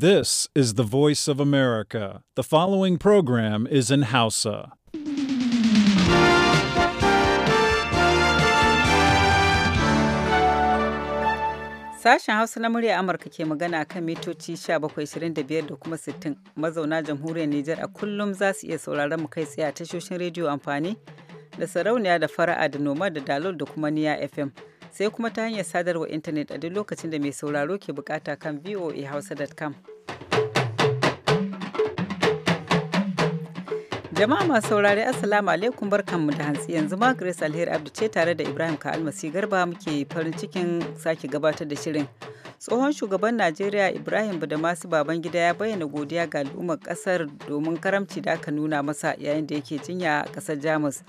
This is the voice of America. The following program is in Hausa. Sashen Hausa na murya Amurka ke magana kan mitoci 1725 da kuma 60 mazauna jamhuriyar Nijar a kullum za su iya sauraron mu kai tsaye a tashoshin rediyo amfani da sarauniya da fara'a da noma da dalol da kuma niya FM. sai kuma ta hanyar sadarwa intanet a duk lokacin da mai sauraro ke bukata kan voahausa.com. Jama'a masu saurari Assalamu alaikum barkanmu da hantsi yanzu ma Grace Alheri Abdu ce tare da Ibrahim Ka'almasi Garba muke farin cikin sake gabatar da shirin. Tsohon shugaban Najeriya Ibrahim masu baban gida ya bayyana godiya ga al'ummar kasar domin karamci da aka nuna masa yayin da yake jinya a kasar Jamus.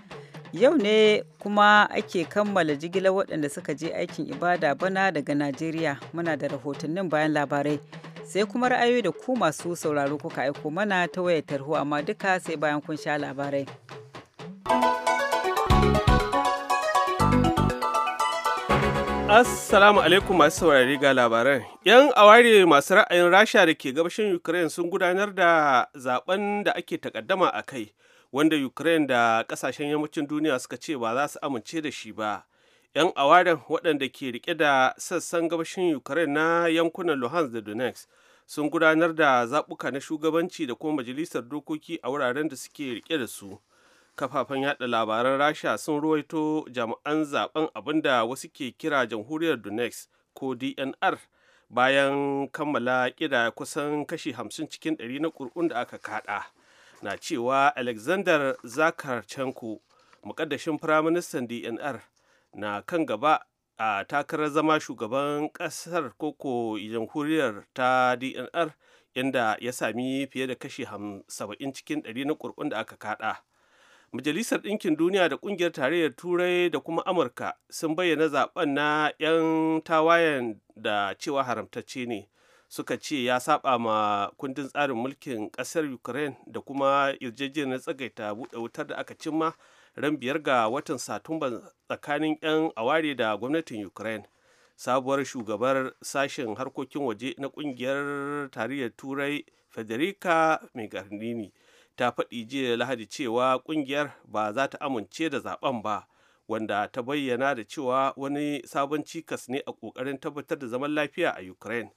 Yau ne kuma ake kammala jigilar waɗanda suka je aikin ibada bana daga Najeriya muna da rahotannin bayan labarai. Sai kuma ra'ayoyi da ku masu sauraro kuka aiko mana ta wayar tarho amma duka sai bayan kun sha labarai. Assalamu alaikum masu saurari ga labaran. Yan aware masu ra'ayin Rasha da ke gabashin Ukraine sun gudanar da zaben da ake takaddama a kai. wanda ukraine da kasashen yammacin duniya suka ce ba za su amince da shi ba yan awarin waɗanda ke rike da sassan gabashin ukraine na yankunan luhansk da donetsk sun gudanar da zaɓuka na shugabanci da kuma majalisar dokoki a wuraren da suke rike da su kafafen yada labaran rasha sun ruwaito jami'an zaben abinda wasu ke kira jamhuriyar donetsk ko dnr bayan kammala kira kusan kashi hamsin cikin ɗari na kurkun da aka kaɗa. na cewa alexander zakarchenko mukaddashin firaministan dnr na kan gaba a takarar zama shugaban kasar koko jamhuriyar ta dnr inda ya sami fiye da kashi 70 cikin 100 na kurkun da aka kada majalisar ɗinkin duniya da ƙungiyar tarayyar turai da kuma amurka sun bayyana zaben na 'yan tawayen da cewa haramtacce ne suka ce ya saba ma kundin tsarin mulkin ƙasar ukraine da kuma yarjejeniyar tsagaita buɗe wutar da aka cimma ran biyar ga watan satumba tsakanin 'yan aware da gwamnatin ukraine sabuwar shugabar sashen harkokin waje na kungiyar tarayyar turai federica megarnini ta faɗi jiya lahadi cewa kungiyar ba za ta amince da zaben ba wanda ta bayyana da cewa wani sabon cikas ne a ƙoƙarin tabbatar da zaman lafiya a ukraine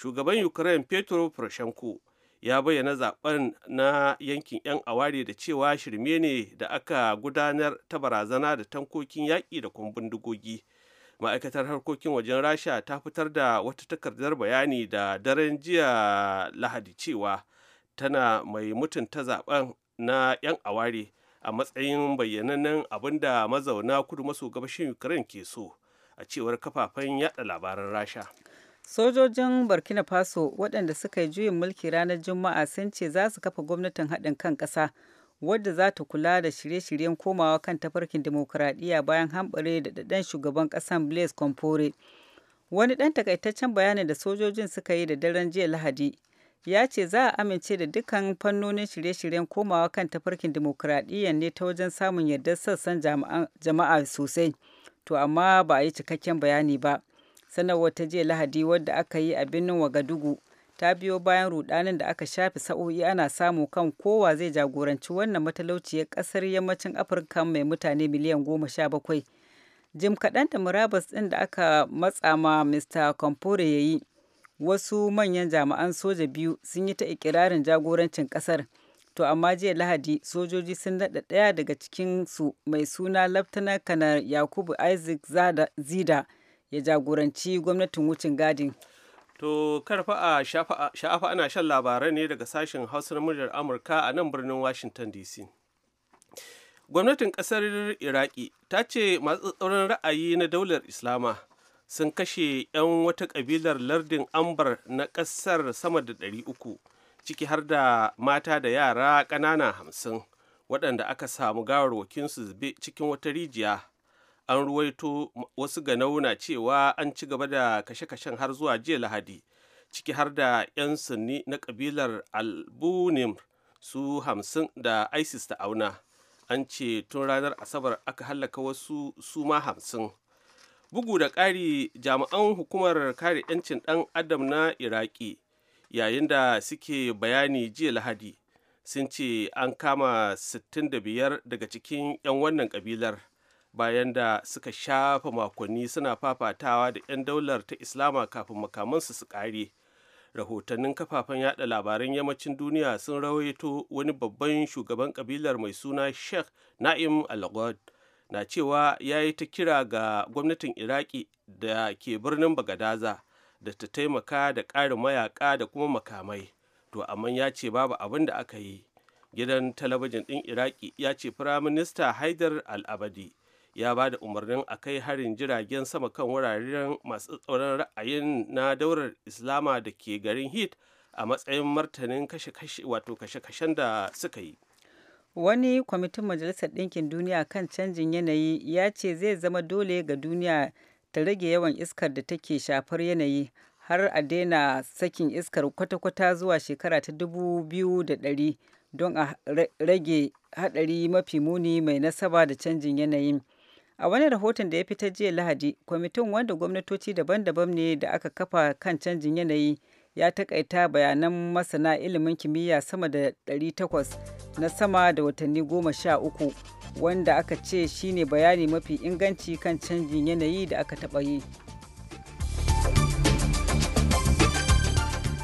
shugaban ukraine petro poroshenko ya bayyana zaben na yankin 'yan aware da cewa shirme ne da aka gudanar ta barazana da tankokin yaƙi da kumbin dugogi ma'aikatar harkokin wajen rasha ta fitar da wata takardar bayani da daren jiya lahadi cewa tana mai mutunta zaben na 'yan aware a matsayin bayyananan abinda mazauna kudu maso gabashin ukraine ke so a cewar kafafen yada labaran rasha Sojojin Burkina Faso waɗanda suka yi juyin mulki ranar Juma'a sun ce za su kafa gwamnatin haɗin kan ƙasa wadda za ta kula da shirye-shiryen komawa kan tafarkin demokuraɗiyya bayan hamɓare da ɗaɗɗen shugaban ƙasan Blaise Compaoré. Wani ɗan takaitaccen bayanin da sojojin suka yi da daren jiya Lahadi ya ce za a amince da dukkan fannonin shirye-shiryen komawa kan tafarkin demokuraɗiyya ne ta wajen samun yardar sassan jama'a sosai. To amma ba a yi cikakken bayani ba. sanarwar ta jiya lahadi wadda aka yi a birnin wagadugu ta biyo bayan rudanin da aka shafe sa'o'i ana samu kan kowa zai jagoranci wannan matalauciyar kasar yammacin afirka mai mutane miliyan goma sha bakwai jim kaɗan da murabas ɗin da aka matsa ma mr kamfore ya yi wasu manyan jami'an soja biyu sun yi ta ikirarin jagorancin kasar to amma jiya lahadi sojoji sun naɗa ɗaya daga cikin su mai suna laftana kanar yakubu isaac zida ya jagoranci gwamnatin wucin gadin to karfa a sha'afa ana shan labarai ne daga sashen hausa na muryar amurka a nan birnin washington dc gwamnatin ƙasar iraki ta ce masu tsauran ra'ayi na daular islama sun kashe 'yan wata ƙabilar lardin ambar na ƙasar sama da 300 ciki har da mata da yara ƙanana hamsin waɗanda aka samu gawarwakinsu zube cikin wata rijiya an ruwaito wasu ga nauna cewa an ci gaba da kashe-kashen har zuwa jiya lahadi ciki har da 'yan sunni na kabilar albunim su hamsin da isis ta auna an ce tun ranar asabar aka hallaka wasu su ma hamsin bugu da ƙari jami'an hukumar kare 'yancin ɗan adam na iraki yayin da suke bayani jiya lahadi sun ce an kama 65 daga cikin 'yan wannan kabilar bayan da suka shafa makonni suna fafatawa da 'yan daular ta islama kafin makamansu su ƙare rahotannin kafafen yada labaran yammacin duniya sun rawaito wani babban shugaban kabilar mai suna sheikh na'im al na cewa ya yi ta kira ga gwamnatin iraki da ke birnin bagadaza da ta taimaka da ƙarin mayaka da kuma makamai to amma ya ce babu abin da aka yi gidan talabijin ɗin iraki ya ce firaminista haidar al-abadi ya ba da umarnin a kai harin jiragen sama kan wuraren masu tsoron ra'ayin na daular islama da ke garin hit a matsayin martanin kashe-kashen kashe da suka yi wani kwamitin majalisar ɗinkin duniya kan canjin yanayi ya ce zai zama dole ga duniya ta rage yawan iskar da take shafar yanayi har a daina sakin iskar kwata-kwata zuwa shekara ta dubu biyu da ɗari don a rage haɗari mafi muni mai nasaba da canjin yanayin a wani rahoton da ya fitar jiya lahadi kwamitin wanda gwamnatoci daban-daban ne da aka kafa kan canjin yanayi ya takaita bayanan masana ilimin kimiyya sama da 800 na sama da watanni goma sha uku wanda aka ce shine bayani mafi inganci kan canjin yanayi da aka taɓa yi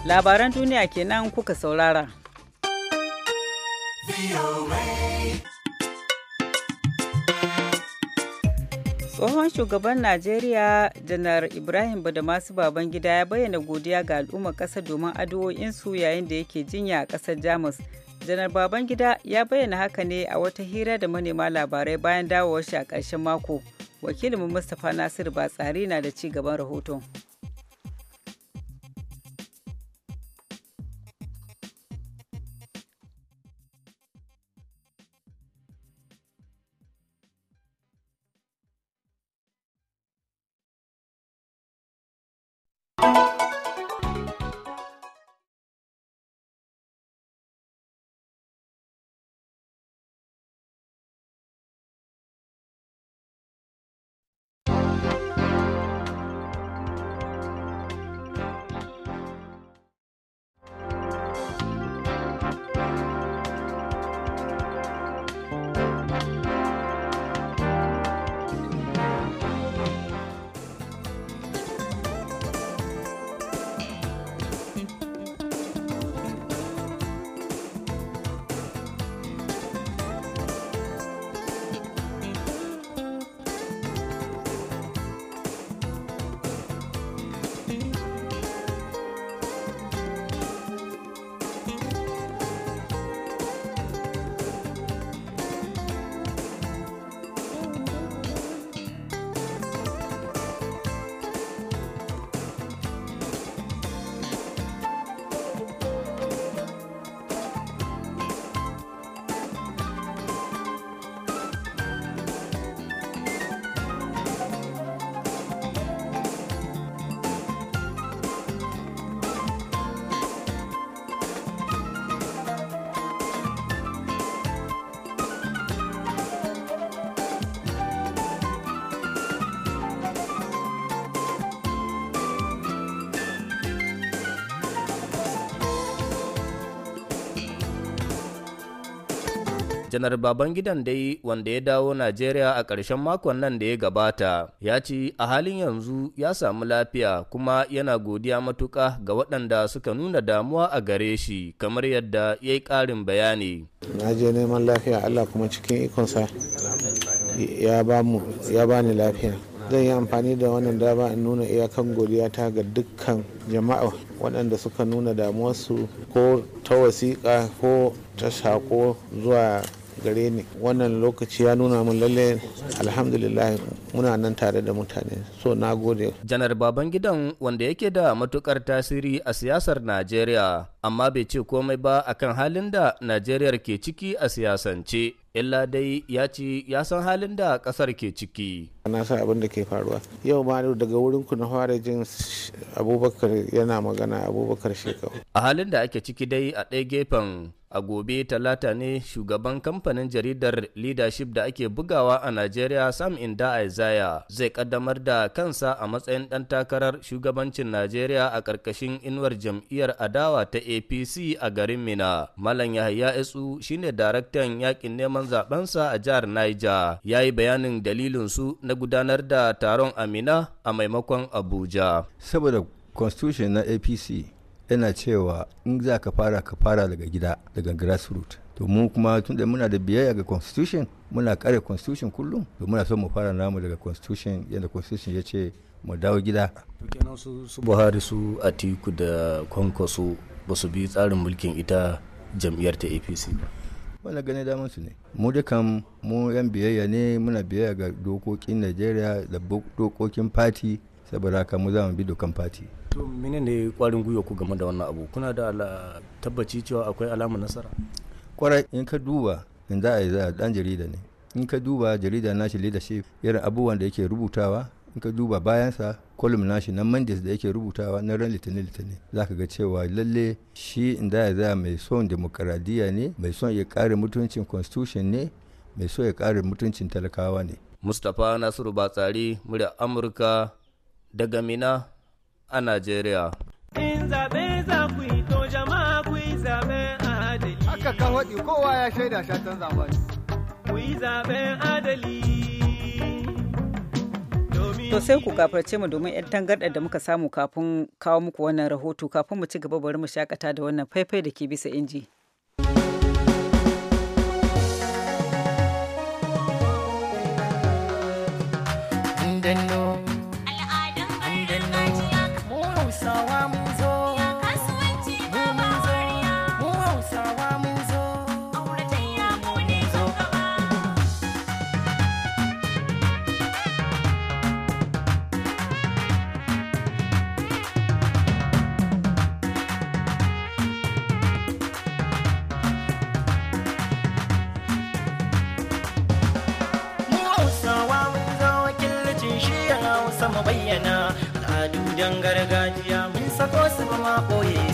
labaran duniya kenan kuka saurara. tsohon shugaban najeriya janar ibrahim masu baban gida ya bayyana godiya ga al'ummar ƙasa domin addu'o'insu yayin da yake jinya a ƙasar jamus janar baban gida ya bayyana haka ne a wata hira da manema labarai bayan dawowar shi a ƙarshen mako wakilin mustapha nasir batsari na da ci gaban rahoton janar baban gidan dai wanda ya dawo najeriya a ƙarshen makon nan da ya gabata ya ce a halin yanzu ya samu lafiya kuma yana godiya matuƙa ga waɗanda suka nuna damuwa a gare shi kamar yadda ya yi ƙarin bayani na je neman lafiya allah kuma cikin ikonsa ya ba ni lafiya zan yi amfani da wannan dama in nuna iyakan godiyata ga dukkan jama'a waɗanda suka nuna damuwarsu ko ta wasiƙa ko ta saƙo zuwa gare ni wannan lokaci ya nuna min lalle alhamdulillah muna nan tare da mutane so na gode janar baban gidan wanda yake da matukar tasiri a siyasar najeriya amma bai ce komai ba akan halin da najeriya ke ciki a siyasance illa dai ya ci ya san halin da kasar ke ciki na san abin da ke faruwa yau ma daga wurin ku na fara jin abubakar yana magana abubakar shekau a halin da ake ciki dai a ɗaya gefen A gobe talata ne shugaban kamfanin jaridar leadership da ake bugawa a Najeriya Sam Inda Isaiah zai kaddamar da kansa a matsayin dan takarar shugabancin Najeriya a karkashin inuwar jam'iyyar adawa ta APC a garin Mina. Malam Yahaya Isu shine daraktan yakin neman zabensa a jihar Niger. Ya yi bayanin dalilin su na gudanar da taron amina a maimakon Abuja. Saboda constitution na APC yana cewa in za ka fara ka fara daga gida daga grassroots to mu kuma tun da muna da biyayya ga constitution muna kare constitution kullum to muna son mu fara namu daga constitution yadda constitution ya ce mu dawo gida to kenan su su Buhari su Atiku da su ba su bi tsarin mulkin ita jam'iyyar ta APC ba wanda gane damar su ne mu dukan mu yan biyayya ne muna biyayya ga dokokin Najeriya da dokokin party saboda haka mu za mu bi dokan party to menene kwarin gwiwa ku game da wannan abu kuna da tabbaci cewa akwai alamar nasara kwarai in ka duba in za a yi za dan jarida ne in ka duba jarida nashi leadership irin abubuwan da yake rubutawa in ka duba bayansa kolum nashi na mandis da yake rubutawa na ran litinin litinin za ka ga cewa lalle shi in da ya za mai son demokaradiyya ne mai son ya kare mutuncin constitution ne mai so ya kare mutuncin talakawa ne mustapha nasiru batsari murya amurka daga mina a Najeriya. In zaɓe za ku yi to jama'a ku adali. Haka kan kowa ya shaida shatan zamani. Ku yi adali. To sai ku gafarce mu domin 'yan tangarɗa da muka samu kafin kawo muku wannan rahoto kafin mu ci gaba bari mu shakata da wannan faifai da ke bisa inji. Manjan gargajiya mun sako su ba ma ɓoye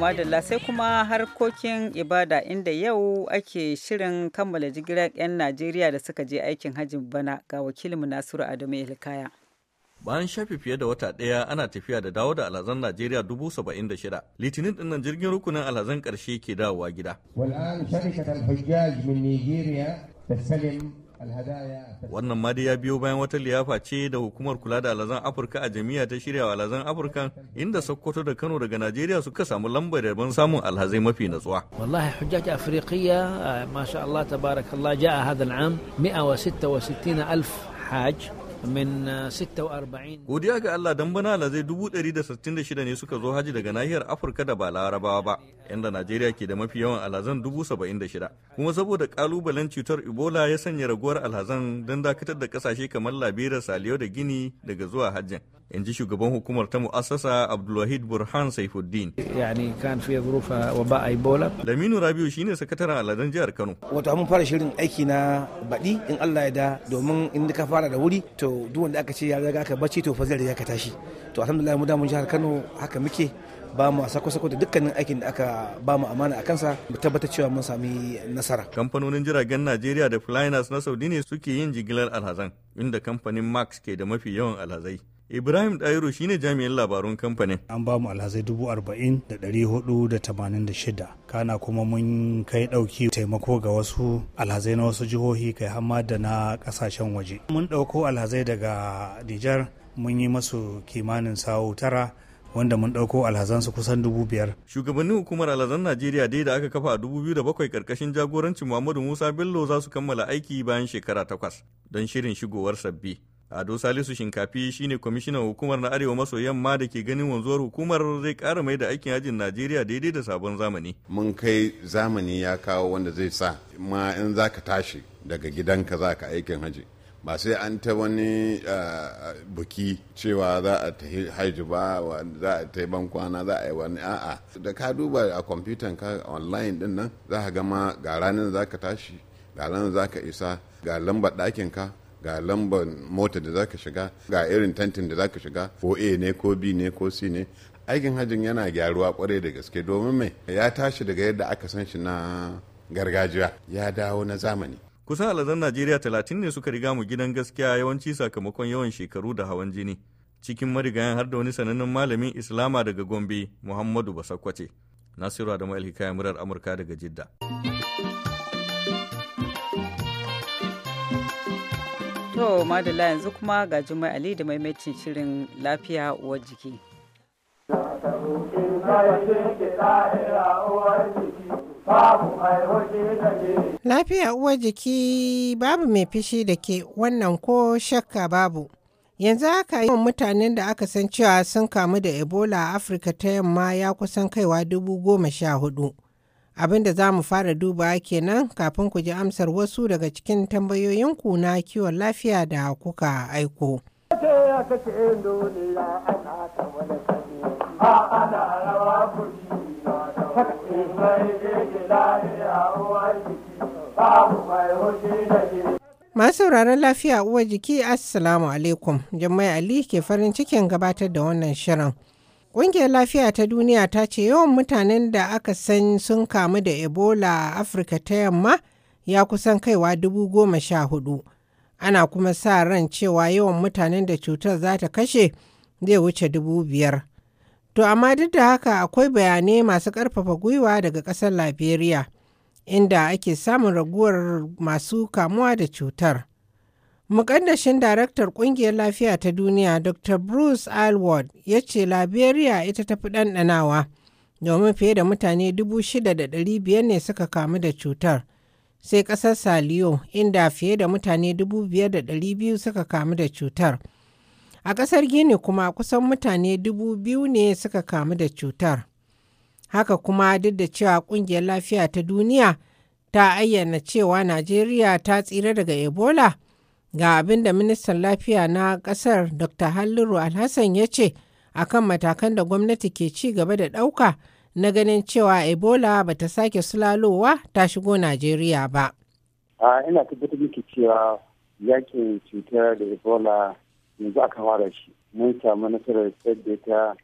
madalla sai kuma harkokin ibada inda yau ake shirin kammala jigilar 'yan Najeriya da suka je aikin hajjin bana ga wakilinmu Nasiru Adamu Ilkaya. bayan shafi fiye da wata ɗaya ana tafiya da dawo da alhazan najeriya dubu saba'in da shida litinin ɗin nan jirgin rukunin alhazan ƙarshe ke dawowa gida. Wannan ma dai ya biyo bayan wata liyafa ce da hukumar kula da alazan Afirka a jami'a ta shirya wa alazan Afirka inda Sokoto da Kano daga Najeriya suka samu lambar yarban samun alhazai mafi natsuwa. Wallahi hujjaj Afriqiya eh, masha Allah tabarakallah ja'a hadha al'am 166 alf hajj min 46 godiya ga Allah dan bana zai 166 ne suka zo haji daga nahiyar Afirka da ba Larabawa ba inda Najeriya ke da mafi yawan alhazan 76 kuma saboda kalubalen cutar Ebola ya sanya raguwar alhazan dan dakatar da kasashe kamar Liberia Saliyo da Gini daga zuwa hajjin in ji shugaban hukumar ta mu'assasa abdulwahid burhan saifuddin yani kan fiye zurufa wa ba a ebola laminu rabiu shine sakataren aladen jihar kano wato mun fara shirin aiki na baɗi in allah ya da domin in ka fara da wuri to duk wanda aka ce ya zaga ka bacci to fa zai ya ka tashi to alhamdulillah mu da mun jihar kano haka muke ba mu sako-sako da dukkanin aikin da aka ba mu amana a kansa mu tabbatar cewa mun sami nasara. Kamfanonin jiragen Najeriya da Flyers na Saudi ne suke yin jigilar alhazan, inda kamfanin Max ke da mafi yawan alhazai. Ibrahim Dairo shine jami'in labarun kamfanin. An ba mu alhazai dubu arba'in da ɗari hudu da tamanin da shida. Kana kuma mun kai ɗauki taimako ga wasu alhazai na wasu jihohi kai hamma da na ƙasashen waje. Mun ɗauko alhazai daga Nijar mun yi masu kimanin sawo tara wanda mun ɗauko alhazansu kusan dubu biyar. Shugabannin hukumar alhazan Najeriya dai da aka kafa a dubu biyu da bakwai ƙarƙashin jagorancin Muhammadu Musa Bello za su kammala aiki bayan shekara takwas don shirin shigowar sabbi. Ado Salisu Shinkafi shine kwamishinan hukumar na Arewa maso yamma da ke ganin wanzuwar hukumar zai kara mai da aikin hajin Najeriya daidai da sabon zamani. Mun kai zamani ya kawo wanda zai sa ma in za ka tashi daga gidanka za ka aikin hajji. Ba sai an ta wani ah, buki cewa za a ta haji ba za a ta yi bankwana za a yi wani a'a. Da ka duba a kwamfutan ka online din nan za ka gama ga ranar za ka tashi ga ranar za ka isa ga lambar ɗakin ka ga lambar mota da zaka shiga ga irin tantin da zaka shiga ko a ne ko b ne ko c ne aikin hajjin yana gyaruwa kwarai da gaske domin mai ya tashi daga yadda aka san shi na gargajiya ya dawo na zamani kusan alazan najeriya talatin ne suka riga mu gidan gaskiya yawanci sakamakon yawan shekaru da hawan jini cikin marigayan har da wani sanannen malamin islama daga gombe muhammadu basakwace nasiru adamu alhikaya murar amurka daga jidda To madalla yanzu kuma ga Jummai Ali da maimacin shirin lafiya uwar jiki. Lafiya uwar jiki babu mai fishi da ke wannan ko shakka babu. Yanzu haka yawan mutanen da aka san cewa sun kamu da Ebola a Afirka ta yamma ya kusan kaiwa dubu goma sha hudu. Abin da za mu fara duba kenan kafin ku ji amsar wasu daga cikin tambayoyinku na kiwon lafiya da kuka aiko. Masu sauraron lafiya uwa jiki Assalamu alaikum, Jummai Ali ke farin cikin gabatar da wannan shirin. Ƙungiyar Lafiya ta Duniya ta ce yawan mutanen da aka san sun kamu da Ebola a Afirka ta Yamma ya kusan kaiwa dubu goma sha hudu. Ana kuma sa ran cewa yawan mutanen da cutar za ta kashe zai wuce dubu biyar. To amma duk da haka akwai bayanai masu ƙarfafa gwiwa daga ƙasar Liberia, inda ake samun raguwar masu kamuwa da cutar. Mukaddashin daraktar kungiyar lafiya ta duniya Dr. Bruce Alward ya ce Liberia ita ta fi ɗanɗanawa domin fiye da mutane 6,500 ne suka kamu da cutar. Sai ƙasar Saliyo inda fiye da mutane 5,200 suka kamu da cutar. A ƙasar Gini kuma kusan mutane 2,000 ne suka kamu da cutar. Haka kuma duk da cewa ƙungiyar lafiya ta duniya ta ayyana cewa Najeriya ta tsira daga Ebola. ga abin da ministan lafiya na kasar dr halliru alhassan ya ce akan matakan da gwamnati ke ci gaba da ɗauka na ganin cewa ebola ba ta sake sulalowa ta shigo najeriya ba ina tabbatar miki cewa yakin cutar da ebola yanzu aka da shi mun samu nasarar da ta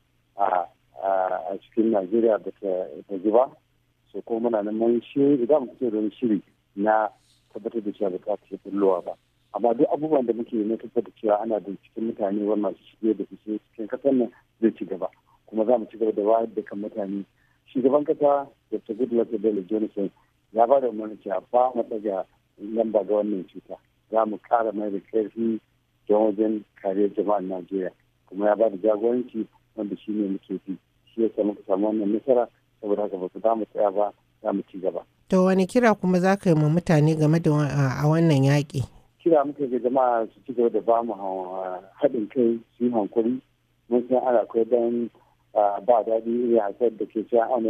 a cikin najeriya ba ta ba so ko muna nan mun shi idan mun shiri na tabbatar da cewa ba ta bullowa ba amma duk abubuwan da muke na da cewa ana binciken mutane wannan su shige da fice cikin kasar nan zai ci gaba kuma za mu ci gaba da wayar da kan mutane shugaban kasa da goodluck bello johnson ya ba da umarni cewa ba mu daga lamba ga wannan cuta za mu kara mai da karfi don wajen kariyar jama'ar najeriya kuma ya ba da jagoranci wanda shi ne muke bi shi ya samu samu wannan nasara saboda haka ba su za mu tsaya ba za mu ci gaba. to wani kira kuma za ka yi ma mutane game da a wannan yaƙi. kira muka ga jama'a su ci gaba da ba mu haɗin kai su yi hankuri mun san ana akwai dan ba daɗi irin hasar da ke sha ana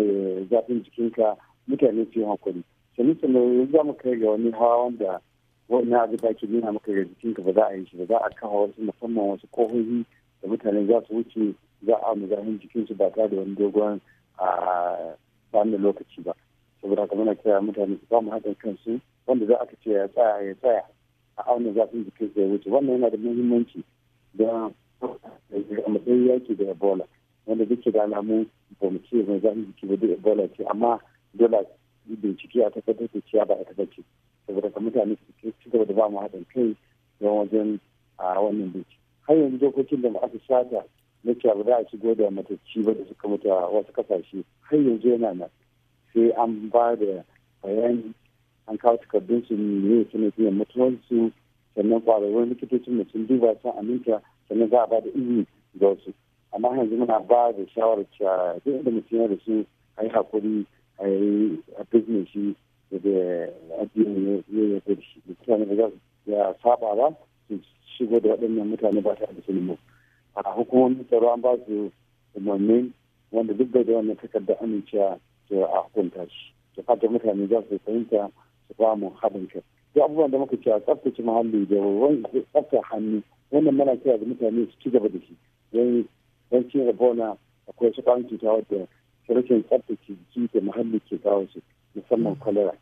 zafin jikinka mutane su yi hankuri sani sani za mu kai ga wani hawa wanda wani abu da ke nuna muka ga jikinka ba za a yi shi ba za a kawo wasu musamman wasu kohohi da mutane za su wuce za a mu zafin jikinsu ba tare da wani dogon bani lokaci ba saboda haka muna kira mutane su ba mu haɗin kansu wanda za a ka ce ya tsaya ya tsaya a auna zafin da ya wuce wannan yana da muhimmanci da a matsayin yaki da ebola wanda duk da alamu ba mu ce mai zafin jiki ba da ebola ce amma dole bincike a tabbatar da cewa ba a tabbace saboda ka mutane su ci gaba da ba mu haɗin kai don wajen a wannan bincike har yanzu dokokin da aka shata na cewa ba za a shigo da matacci ba da suka mutu a wasu kasashe har yanzu yana nan sai an ba da bayani an kawo takardun su ne suna biyan mutuwar su sannan kwararrun likitocin da sun duba sun aminta sannan za a ba da izini ga wasu amma yanzu muna ba da shawarar cewa duk da mutum yana da su a yi hakuri a yi a bizne shi da addini ya yarda da mutane da za su ya saba ba su shigo da waɗannan mutane ba ta da nemo a hukumomin tsaro an ba su umarnin wanda duk da wannan takardar amincewa a hukunta shi da fatan mutane za su fahimta samun haɗin kai duk abubuwan da muka cewa tsaftace muhalli da ruwan tsaftar hannu wannan mana kira da mutane su ci gaba da shi don don cin rabona akwai su kwanci ta wadda rashin tsaftace jiki da muhalli ke kawo su musamman kwalara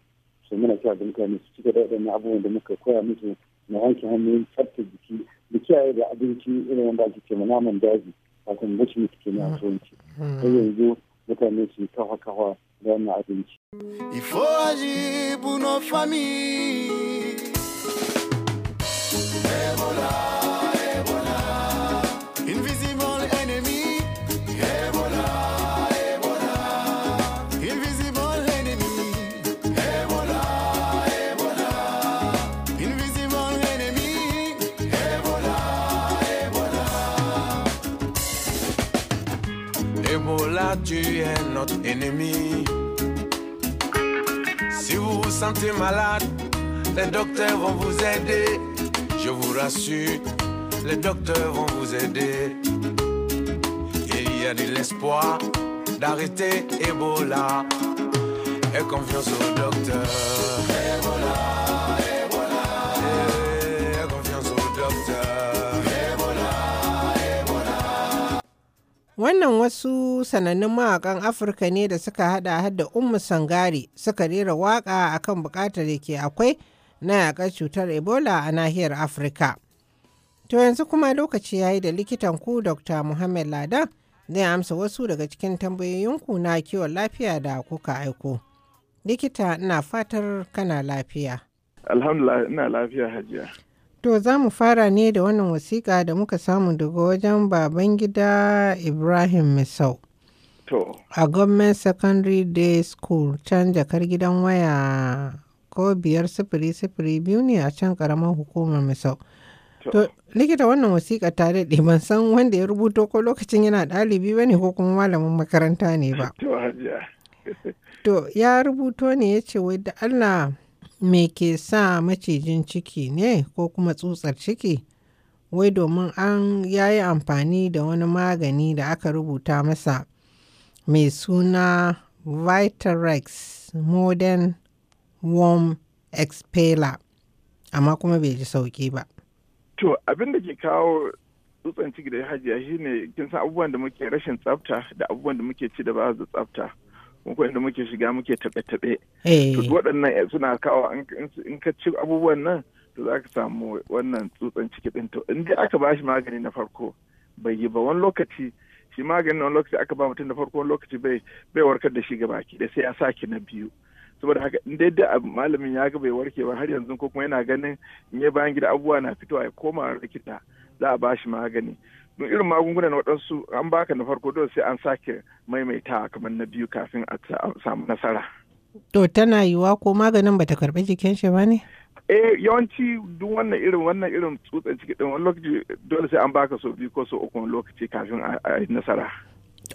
su muna kira da mutane su ci gaba da waɗannan abubuwan da muka koya musu na wanke hannu tsaftace jiki da kiyaye da abinci irin wanda ake ce naman daji wato mutum ke na turanci har yanzu mutane su kawa kawa da wannan abinci. Ifo aji buno fami. Ebola. Ebola, tu es notre ennemi. Si vous vous sentez malade, les docteurs vont vous aider. Je vous rassure, les docteurs vont vous aider. Il y a de l'espoir d'arrêter Ebola. Et confiance au docteur. Ebola. Wannan wasu sanannun mawaƙan Afirka ne da suka hada hada Ummu Sangari suka rera waƙa akan buƙatar yake akwai na yaƙar cutar Ebola a nahiyar Afirka. To yanzu kuma lokaci ya yi da likitan ku Dr. Muhammad Ladan zai amsa wasu daga cikin tambayoyinku na kiwon lafiya da kuka aiko. Likita na fatar kana lafiya. Alhamdulillah ina lafiya hajiya. To za mu fara ne da wannan wasiƙa da muka samu daga wajen baban gida Ibrahim Misau. To. A Gwamnan Secondary Day School can jakar gidan waya ko biyar sifiri sifiri biyu ne a can karamar hukumar Misau. To, likita wannan wasiƙa ta daɗe ban san wanda ya rubuto ko lokacin yana ɗalibi ba ne ko kuma malamin makaranta ne ba. To, ya rubuto ne ya ce wai da Allah Me ke sa macijin ciki ne ko kuma tsutsar ciki? Wai domin an yayi amfani da wani magani da aka rubuta masa mai suna Vitarex Modern warm Expeller, amma kuma bai ji sauki ba. To abin da ke kawo tsutsan ciki da hajiya shine kin san abubuwan da muke rashin tsafta da abubuwan da muke ci da ba su tsafta. wanda muke shiga muke taɓe-taɓe. Eh. To waɗannan eh, suna kawo in ka ci abubuwan nan to za ka samu wannan tsutsan ciki ɗin to in dai aka ba shi magani na farko bai yi ba wani lokaci shi magani na wani lokaci aka ba mutum na farko wani lokaci bai bai warkar da shi ki da sai ya sake na biyu saboda haka in dai da malamin ya ga bai warke ba har yanzu ko kuma yana ganin in ya bayan gida abubuwa na fitowa ya koma rikita, za a ba shi magani don irin magunguna na waɗansu an baka na farko dole sai an sake maimaita kamar na biyu kafin a samu nasara. To tana yiwa ko maganin bata karɓi jikin shi ba ne? eh yawanci duk wannan irin wannan irin tsutsan ciki ɗin wani lokaci dole sai an baka sau biyu ko sau uku wani lokaci kafin a yi nasara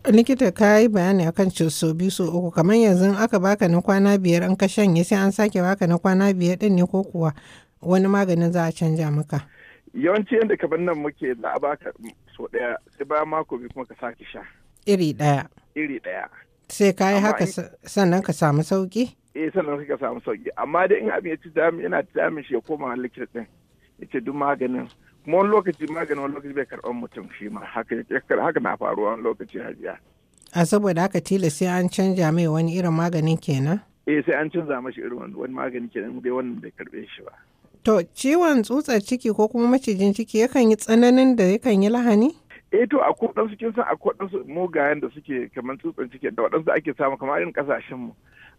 likita ka yi bayani akan cin sau biyu sau uku kamar yanzu aka baka na kwana biyar an ka shanye sai an sake baka na kwana biyar din ne ko kuwa wani maganin za a canja maka yawanci yadda kamar nan muke za a baka so ɗaya sai bayan mako biyu kuma ka sake sha. Iri ɗaya. Iri ɗaya. Sai ka yi haka sannan ka samu sauki? Eh sannan ka samu sauki amma dai in abin ya ci dami yana ci dami shi ya koma likita ɗin ya ce duk maganin kuma wani lokaci maganin wani lokaci bai karɓar mutum shi ma haka na faruwa wani lokaci hajiya. A saboda haka tilas sai an canja mai wani irin maganin kenan? Eh sai an canza mashi irin wani magani kenan dai wannan bai karɓe shi ba. To ciwon tsutsar ciki ko kuma macijin ciki yakan yi tsananin da yakan yi lahani? e to a kudan su kin san a kudan su mugayen da suke kamar tsutsar ciki da waɗansu ake samu kamar irin kasashen mu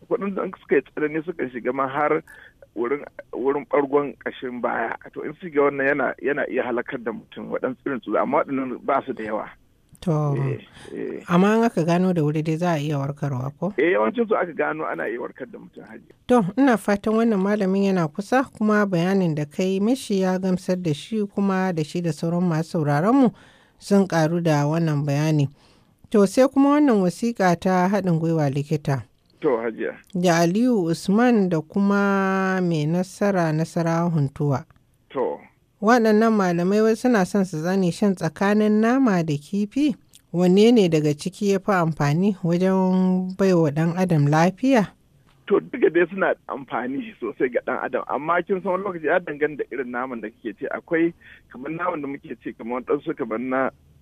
kudan da suka yi tsanani suka shiga ma har wurin wurin bargon baya to in su ga wannan yana iya halakar da mutum waɗansu irin tsutsa amma waɗannan ba su da yawa To, eh, eh. amma an aka gano da wuri dai za a iya warkarwa ko? Eh, yawancin su aka gano ana iya warkar da mutum haji. To, ina fatan wannan malamin yana kusa kuma bayanin da kai mishi ya gamsar da shi kuma da shi da sauran masu sauraron mu sun karu da wannan bayani. To, sai kuma wannan wasiƙa ta haɗin gwiwa likita. To, hajiya. Da Aliyu Usman da kuma mai nasara nasara huntuwa. waɗannan malamai wasu suna son su zane shan tsakanin nama da kifi wanne ne daga ciki ya fi amfani wajen baiwa ɗan adam lafiya to duka dai suna amfani sosai ga ɗan adam amma kin san wani lokaci ya dangana da irin naman da kake ce akwai kamar naman da muke ce kamar wadansu kamar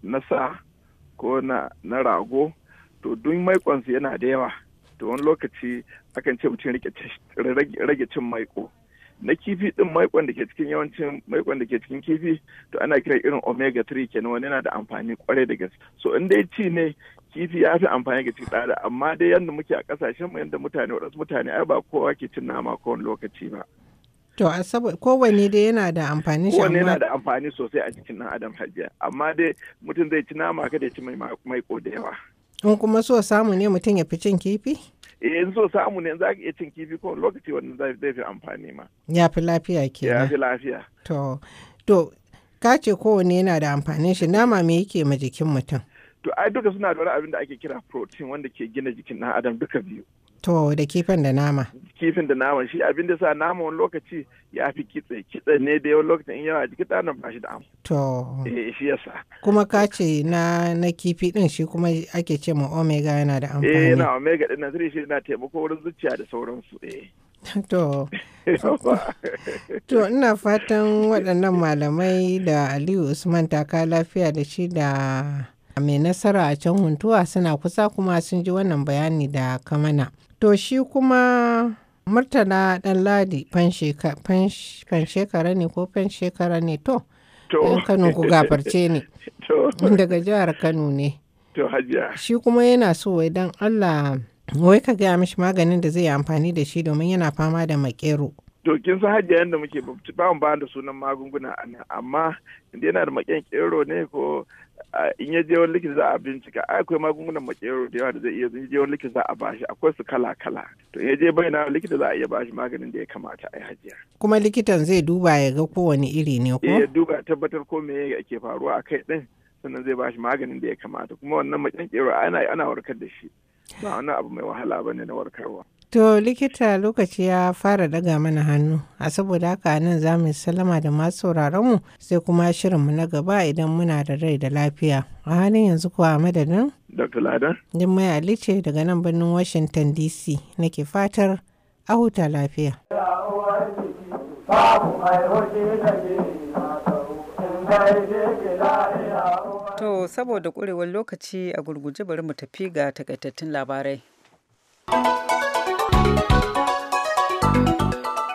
na sa ko na rago to duk maikonsu yana da yawa to wani lokaci akan ce mutum rage cin maiko na kifi din maikon da ke cikin yawancin maikon da ke cikin kifi to ana kira irin omega 3 kenan wani yana da amfani kwarai da gaske so in dai ci ne kifi ya fi amfani ga cikin tsada amma dai yadda muke a kasashen mu yadda mutane wadansu mutane ai ba kowa ke cin nama kowane lokaci ba to a saboda kowanne dai yana da amfani shi kowanne yana da amfani sosai a cikin dan adam hajiya amma dai mutum zai ci nama kada ya ci mai maiko da yawa in kuma so samu ne mutum ya fi cin kifi eh so samu ne za ka iya cin kifi ko lokaci za zai fi amfani ma ya fi lafiya ke ya fi lafiya to to ka ce kowanne yana da amfanin shi nama me yake ma jikin mutum to ai duka suna da wani abin da ake kira protein wanda ke gina jikin ɗan adam duka biyu To da kifin da nama. Kifin da nama shi abin da sa nama wani lokaci ya fi kitse kitse ne da yawan lokacin in yawa jiki ɗanan ba shi da amu. To. Eh shi yasa. Kuma ka ce na na kifi din shi kuma ake ce ma omega yana da amfani. Eh na omega din nan shi yana taimako wurin zuciya da sauransu eh. To, to ina fatan waɗannan malamai da Aliyu Usman taka lafiya da shi da mai nasara a can huntuwa suna kusa kuma sun ji wannan bayani da kamana. To shi kuma Murtala Ɗanladi shekara ne ko fan shekara ne to, ‘yan Kano ku gafarce ne, daga jihar Kano ne. Shi kuma yana so wai don Allah wai ka gaya mishi maganin da zai yi amfani da shi domin yana fama da makero. To kin san hajiya yadda muke ba mu ba da sunan magunguna a amma inda yana da maƙen kero ne ko in ya je wani likita za a bincika akwai magungunan makero da yawa da zai iya in je wani likita za a bashi akwai su kala kala to in ya je bai na likita za a iya bashi maganin da ya kamata a yi hajiya kuma likitan zai duba ya ga kowane iri ne ko eh, ya duba tabbatar ko me yake faruwa a kai din sannan zai bashi maganin da ya kamata kuma wannan makero ana ana warkar da shi ba wani abu mai wahala bane na warkarwa To likita lokaci ya fara daga mana hannu, a saboda haka nan za mu salama da masu mu sai kuma shirinmu na gaba idan muna da rai da lafiya. A halin yanzu kuwa madadin? Dr. Lada? Din mai alice daga nan birnin Washington DC nake fatar a huta lafiya. To saboda ƙurewar lokaci a gurguje bari mu tafi ga takaitattun labarai.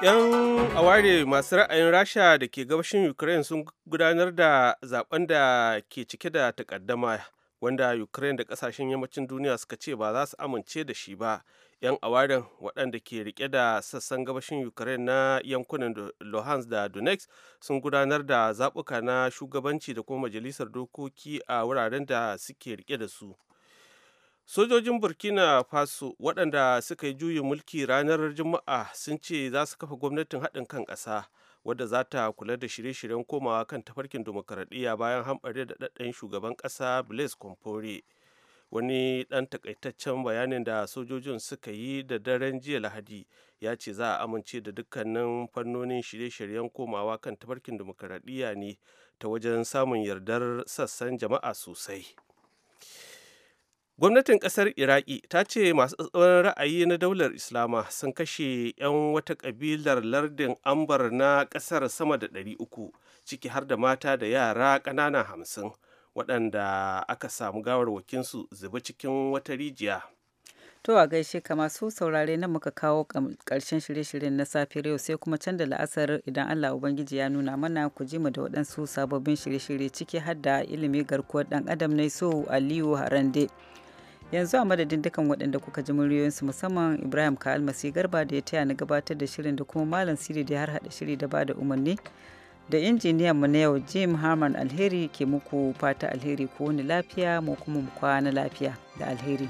'Yan aware masu ra'ayin Rasha da ke gabashin Ukraine sun gudanar da zaben da ke cike da takaddama wanda Ukraine da kasashen yammacin duniya suka ce ba za su amince da shi ba. 'Yan awarin waɗanda ke rike da sassan gabashin Ukraine na yankunan Luhansk da Donetsk sun gudanar da zaɓuka na shugabanci da kuma majalisar dokoki a wuraren da suke rike da su. sojojin burkina faso waɗanda suka yi juyin mulki ranar juma'a sun ce za su kafa gwamnatin haɗin kan ƙasa wadda za ta kula da shirye-shiryen komawa kan tafarkin demokaradiyya bayan hamɓare da ɗaɗɗen shugaban ƙasa blaise compaore wani ɗan takaitaccen bayanin da sojojin suka yi da daren jiya lahadi ya ce za a amince da dukkanin fannonin shirye-shiryen komawa kan tafarkin demokaradiyya ne ta wajen samun yardar sassan jama'a sosai gwamnatin kasar iraki ta ce masu tsatsauran ra'ayi na daular islama sun kashe 'yan wata kabilar lardin ambar na kasar sama da 300 ciki har da mata da yara ƙanana hamsin waɗanda aka samu gawarwakinsu zuba cikin wata rijiya To a gaishe ka masu saurare nan muka kawo ƙarshen shirye-shiryen na safiyar yau sai kuma can da la'asar idan Allah Ubangiji ya nuna mana ku ji mu da waɗansu sababbin shirye-shirye ciki har da ilimi garkuwar ɗan adam na so Aliyu Harande. yanzu a madadin dukan waɗanda kuka ji muryoyinsu musamman ibrahim ka almasi garba da ya taya na gabatar da shirin da kuma malam siri da ya harhaɗa shiri da bada umarni da injiniyan mu na yau jim harman alheri ke muku fata alheri ko wani lafiya mu kuma mu kwana lafiya da alheri